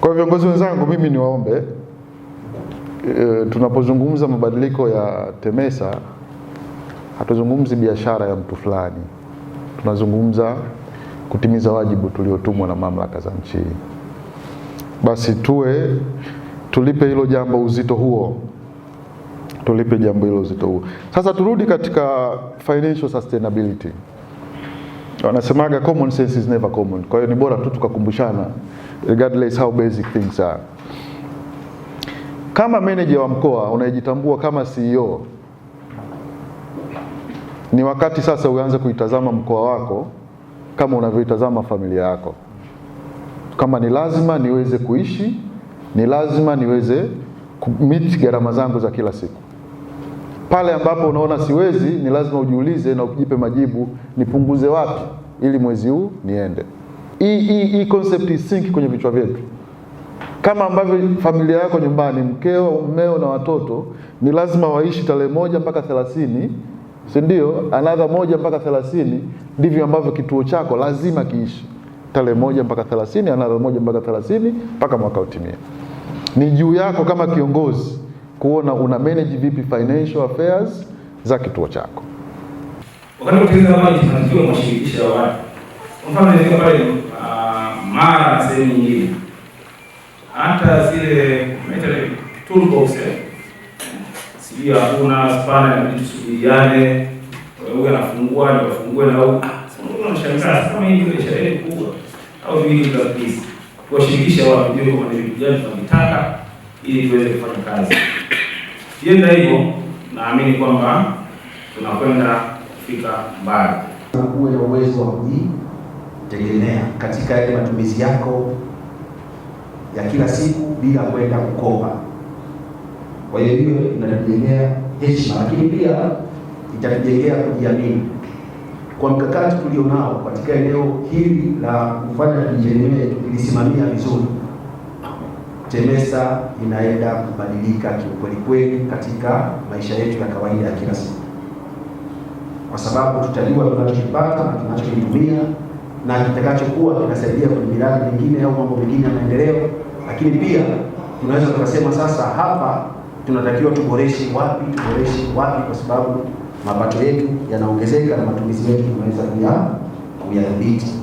Kwa viongozi wenzangu, mimi niwaombe e, tunapozungumza mabadiliko ya TEMESA hatuzungumzi biashara ya mtu fulani, tunazungumza kutimiza wajibu tuliotumwa na mamlaka za nchi. Basi tuwe tulipe hilo jambo uzito huo, tulipe jambo hilo uzito huo. Sasa turudi katika financial sustainability wanasemaga common sense is never common. Kwa hiyo ni bora tu tukakumbushana regardless how basic things are. Kama manager wa mkoa unayejitambua kama CEO, ni wakati sasa uanze kuitazama mkoa wako kama unavyoitazama familia yako, kama ni lazima niweze kuishi, ni lazima niweze kumit gharama zangu za kila siku. Pale ambapo unaona siwezi, ni lazima ujiulize na ujipe majibu, nipunguze wapi ili mwezi huu niende. Hii concept isinki kwenye vichwa vyetu, kama ambavyo familia yako nyumbani, mkeo, mmeo na watoto ni lazima waishi tarehe moja mpaka thelathini, si ndio? Another moja mpaka thelathini, ndivyo ambavyo kituo chako lazima kiishi tarehe moja mpaka thelathini, another moja mpaka thelathini, mpaka mwaka utimie. Ni juu yako kama kiongozi kuona una manage vipi financial affairs za kituo chako. Wakati ukiweza maji tunatakiwa kuwashirikisha watu. Kwa mfano nilikuwa pale ah, mara na sehemu nyingine, hata zile metal toolbox eh. sijui hakuna spana ya vitu subiriane, wewe anafungua na ufungue na au unashangaa kama hii ndio sherehe kubwa au vile vile Kuwashirikisha watu ndio kwa nini tunataka ili tuweze kufanya kazi. Kienda hivyo, naamini kwamba tunakwenda kufika mbali. Uwe na uwezo wa kujitegemea katika yale matumizi yako ya kila siku bila kwenda kukopa. Kwa hiyo hiyo inatujengea heshima, lakini pia itatujengea kujiamini kwa mkakati tulionao katika eneo hili la kufanya kujitegemea, tulisimamia vizuri. TEMESA inaenda kubadilika kiukweli kweli katika maisha yetu ya kawaida ya kila siku, kwa sababu tutajua tunachokipata na tunachokitumia na kitakachokuwa kinasaidia kwenye miradi mingine au mambo mengine ya maendeleo. Lakini pia tunaweza tukasema sasa, hapa tunatakiwa tuboreshe wapi, tuboreshe wapi, kwa sababu mapato yetu yanaongezeka na matumizi yetu tunaweza kuyadhibiti.